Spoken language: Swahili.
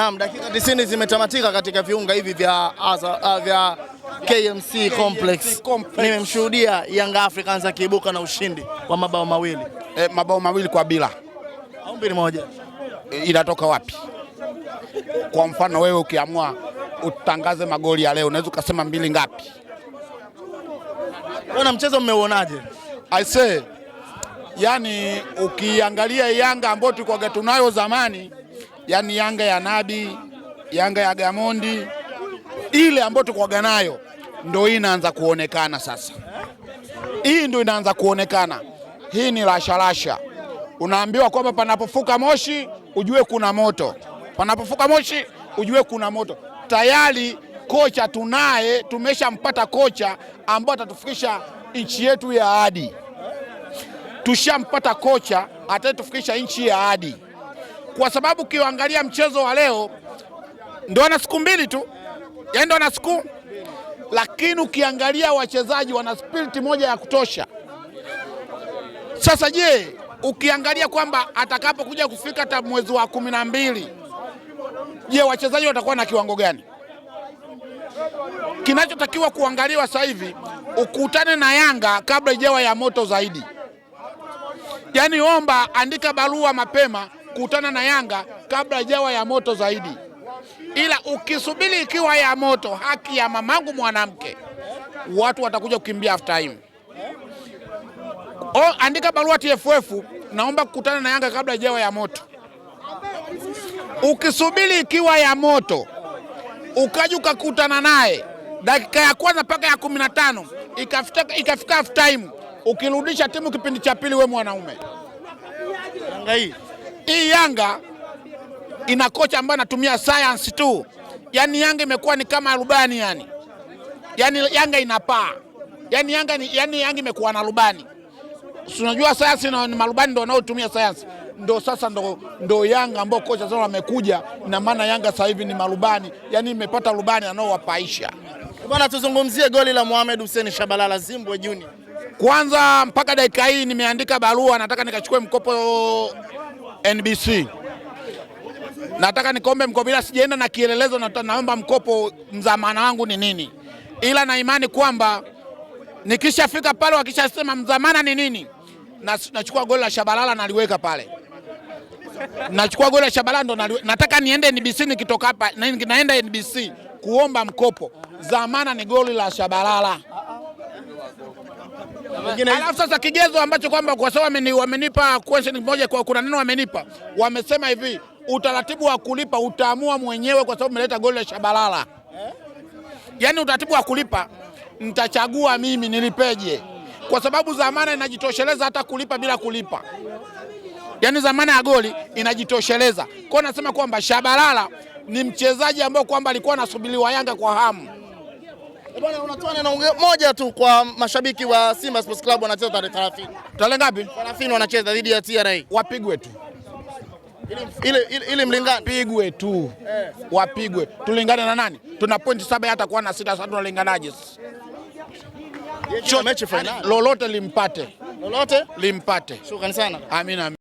Naam, dakika 90 zimetamatika katika viunga hivi vya uh, vya KMC Complex. Nimemshuhudia Young Africans akiibuka na ushindi wa mabao mawili e, mabao mawili kwa bila au mbili moja e, inatoka wapi? Kwa mfano wewe ukiamua utangaze magoli ya leo unaweza ukasema mbili ngapi? Bwana, mchezo mmeuonaje? I say, yani ukiangalia Yanga ambayo tulikuwa tunayo zamani yani Yanga ya Nabi, Yanga ya Gamondi ile ambayo tukwaga nayo ndo hii inaanza kuonekana sasa. Hii ndo inaanza kuonekana, hii ni rasharasha. Unaambiwa kwamba panapofuka moshi ujue kuna moto, panapofuka moshi ujue kuna moto. Tayari kocha tunaye, tumeshampata kocha ambaye atatufikisha nchi yetu ya ahadi. Tushampata kocha atatufikisha nchi ya ahadi kwa sababu ukiangalia mchezo wa leo ndio ana siku mbili tu, yaani ndio ana siku lakini ukiangalia wachezaji wana spiriti moja ya kutosha. Sasa je, ukiangalia kwamba atakapokuja kufika hata mwezi wa kumi na mbili, je, wachezaji watakuwa na kiwango gani? Kinachotakiwa kuangaliwa sasa hivi ukutane na Yanga kabla ijawa ya moto zaidi. Yaani omba, andika barua mapema kukutana na Yanga kabla jawa ya moto zaidi, ila ukisubiri ikiwa ya moto, haki ya mamangu mwanamke, watu watakuja kukimbia after time. O, andika barua TFF, naomba kukutana na Yanga kabla jawa ya moto. Ukisubiri ikiwa ya moto, ukaja ukakutana naye dakika ya kwanza mpaka ya kumi na tano ikafika half time, ukirudisha timu kipindi cha pili, we mwanaume Yanga hii hii Yanga ina kocha ambaye anatumia science tu, yaani Yanga imekuwa ni kama rubani yani, yaani Yanga inapaa yani Yanga ni, yani Yanga imekuwa na rubani. Unajua sayansi na marubani ndo wanaotumia sayansi, ndo sasa ndo, ndo Yanga ambao kocha sasa amekuja, na maana Yanga sasa hivi ni marubani, yani imepata rubani anaowapaisha. Bwana, tuzungumzie goli la Mohamed Hussein Shabalala Zimbwe Junior. Kwanza mpaka dakika hii nimeandika barua, nataka nikachukue mkopo NBC. Nataka nikombe mkopo, bila sijaenda na kielelezo, naomba mkopo mzamana wangu ni nini, ila na imani kwamba nikishafika pale, wakishasema mzamana ni nini, nachukua goli la Shabalala naliweka pale, nachukua goli la Shabalala ndo Nataka niende NBC, nikitoka hapa naenda NBC kuomba mkopo, zamana ni goli la Shabalala. Alafu sasa kigezo ambacho kwamba kwa sababu wameni, wamenipa question moja kwa kuna neno wamenipa, wamesema hivi utaratibu wa kulipa utaamua mwenyewe kwa sababu umeleta goli la Shabalala eh? Yaani utaratibu wa kulipa nitachagua mimi nilipeje, kwa sababu zamana inajitosheleza hata kulipa bila kulipa, yaani zamana ya goli inajitosheleza. Kwa nasema kwamba Shabalala ni mchezaji ambao kwamba alikuwa anasubiriwa Yanga kwa hamu Bwana, unatoa neno moja tu kwa mashabiki wa Simba Sports Club wanacheza tarehe 30. Tarehe ngapi? 30 wanacheza dhidi ya TRA. Wapigwe tu. Ile ile ile mlingane. Pigwe tu. Eh. Wapigwe. Tulingane na nani? Tuna pointi saba hata kwa na sita sasa tunalinganaje? Mechi finali. Lolote limpate. Lolote limpate. Shukrani sana. Amina.